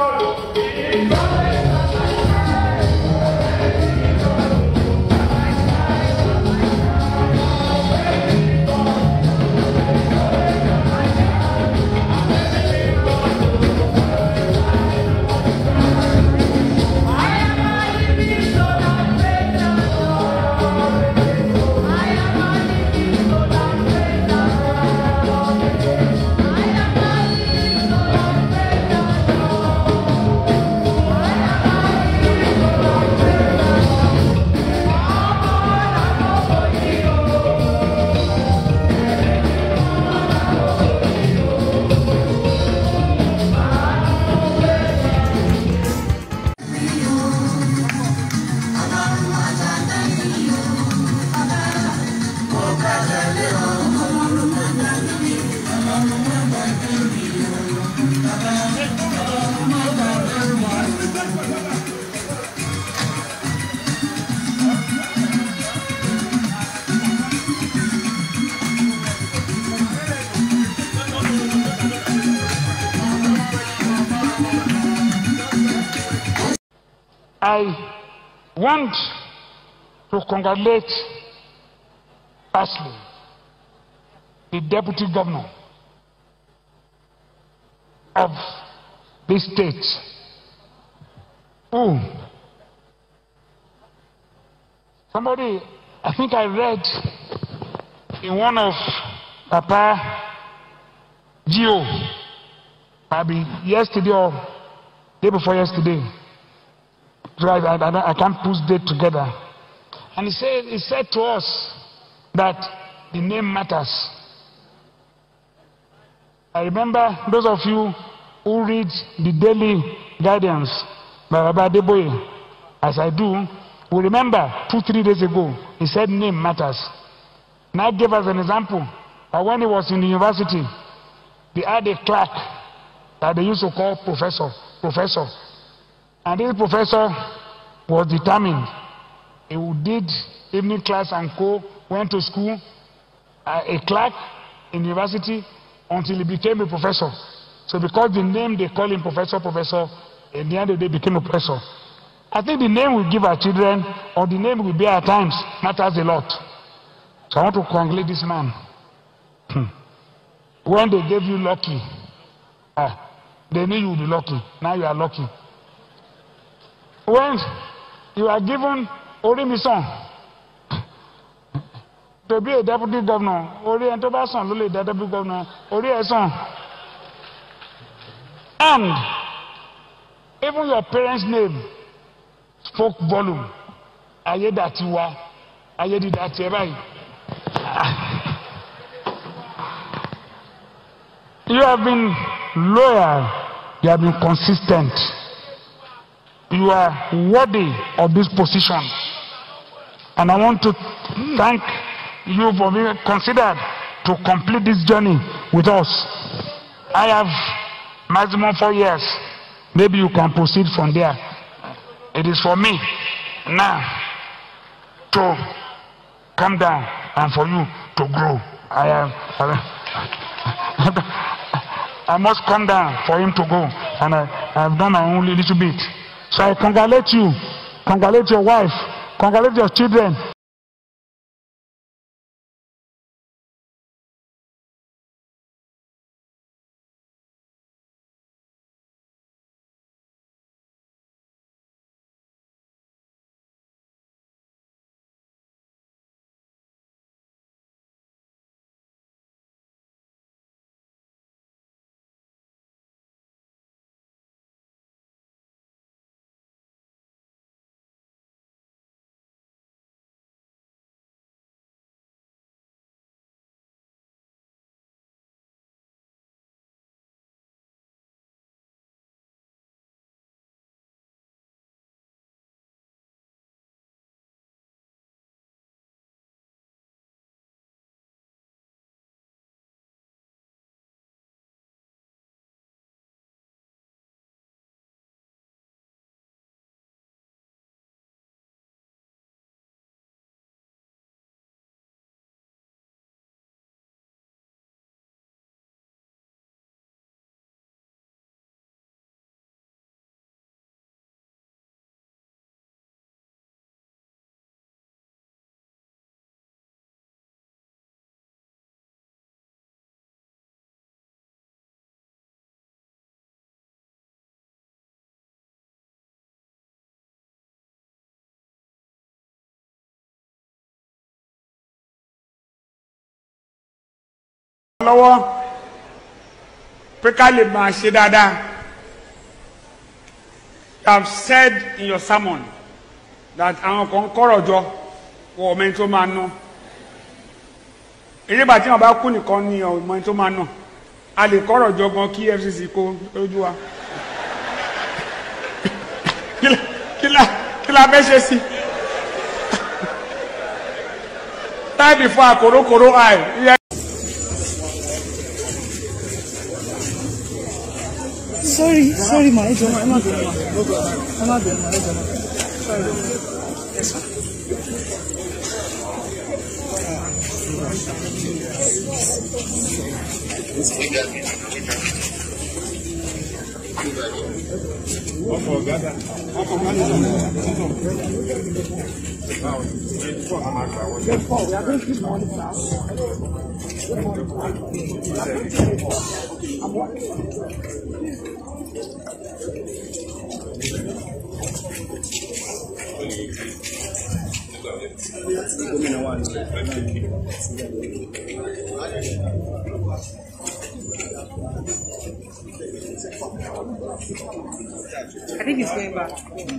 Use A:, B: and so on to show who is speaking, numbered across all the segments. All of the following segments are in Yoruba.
A: Everybody, everybody. I want to congratulate Ashley, the deputy governor of this state, who somebody, I think I read in one of Papa Geo, maybe yesterday or day before yesterday drive, I, I, I can't push them together. And he said, he said to us that the name matters. I remember those of you who read the daily guidance by Baba Deboye, as I do, will remember two, three days ago, he said name matters. Now gave us an example that when he was in the university, they had a clerk that they used to call professor, professor, And this professor was determined. He did evening class and co, went to school, uh, a clerk in university until he became a professor. So because the name they call him professor, professor, in the end of the day became a professor. I think the name we give our children or the name we bear at times matters a lot. So I want to congratulate this man. when they gave you lucky, ah, they knew you would be lucky. Now you are lucky when you are given orimison to be a deputy governor orí ẹni tó bá ló lè dá deputy governor orí ẹ and even your parents name spoke volume ayédàtiwa ayédìdàtiẹ báyìí you have been loyal you have been consistent. you are worthy of this position. And I want to thank you for being considered to complete this journey with us. I have maximum four years. Maybe you can proceed from there. It is for me now to come down and for you to grow. I am. I, must come down for him to go, and I, I have done my only little bit. So I congratulate you, congratulate your wife, congratulate your children. lọ́wọ́ pé ká lè máa ṣe dáadáa you have said in your sermon that àwọn kan kọ́rọ̀ jọ wọ ọmọ ẹni tó máa ná èyí bàtí wọn bá kú nìkan ni ọmọ ẹni tó máa ná a lè kọ́rọ̀ jọ gan kí EFCC kó lójú wa kí la fẹ́ ṣe sí time before àkórókóró eye. sorry, sorry my ẹ jọ̀ọ́ ma, ẹ má bẹ̀rẹ̀ ma, ẹ má bẹ̀rẹ̀ ma, e sorry Yes ma. wọlé. I'm I think he's going back. Mm.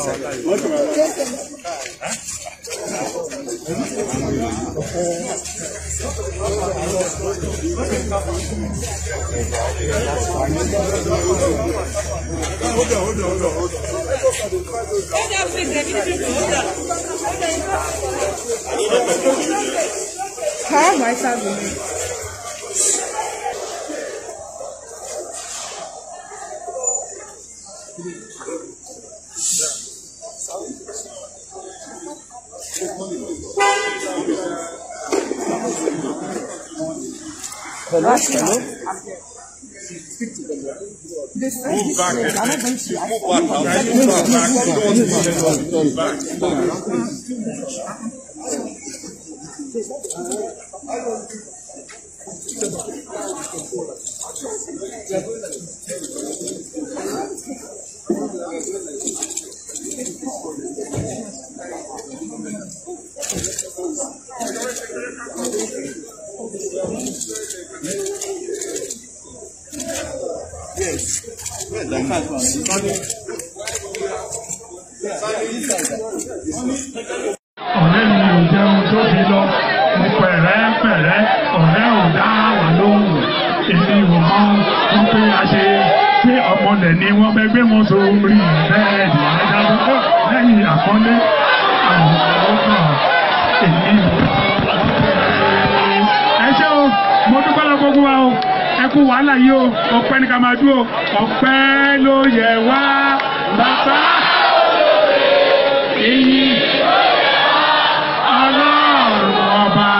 A: Calma, tá, sabe? Tá 很乱是吧？嗯。ọ̀rẹ́ mi ò jẹun tó fi lọ mo pẹ̀rẹ́ pẹ̀rẹ́ ọ̀rẹ́ ò dá wà lóhùn èmi ò mọ wọn pé a ṣe pé ọmọlẹ̀ ni wọ́n fẹ́ gbé wọn sórí bẹ́ẹ̀ ni adájọ́ lẹ́yìn àkọ́lé àwọn ọ̀rọ̀ kan èmi ò. ẹ wàhálà yìí o ọpẹ́ ní ká máa dúró ọpẹ́ ló yẹ wá bàbá èyí ọlọ́run ọba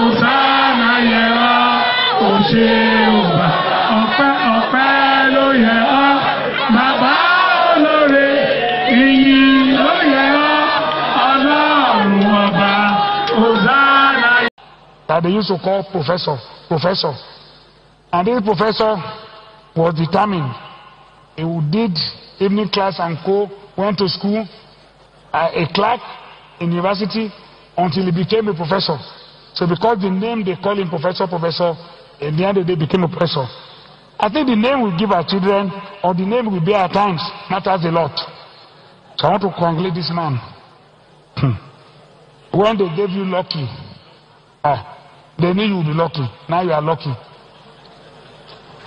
A: ọ̀sánà yẹ ọ́ òṣè ọba ọpẹ́ ọpẹ́ ló yẹ ọ́ bàbá olóore èyí ló yẹ ọ́ ọlọ́run ọba ọ̀sánà. That they used to call professor, professor. And this professor was determined. He did evening class and co, went to school, uh, a clerk in university until he became a professor. So because the name they call him professor, professor, in the end of the day became a professor. I think the name we give our children or the name we bear at times matters a lot. So I want to congratulate this man. when they gave you lucky, ah, they knew you would be lucky. Now you are lucky.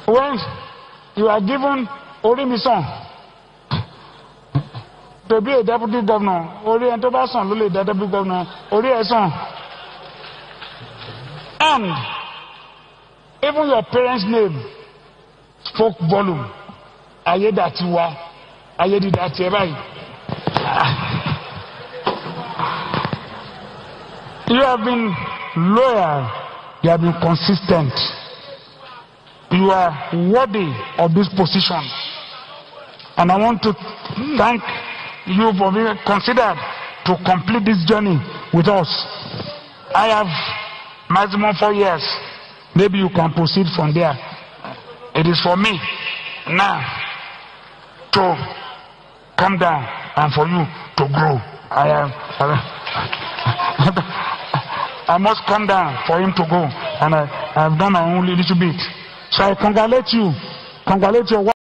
A: When you are given Orimison to be a deputy governor, Ori and Tobasan will be deputy governor, Ori Eson. And even your parents' name spoke volume. Ayedatiwa, Ayedidatiwa. You have been loyal, you have been consistent. you are worthy of this position. And I want to thank you for being considered to complete this journey with us. I have maximum four years. Maybe you can proceed from there. It is for me now to come down and for you to grow. I am. I must come down for him to go, and I, I have done my only little bit. So I congratulate you. Congratulate your wife.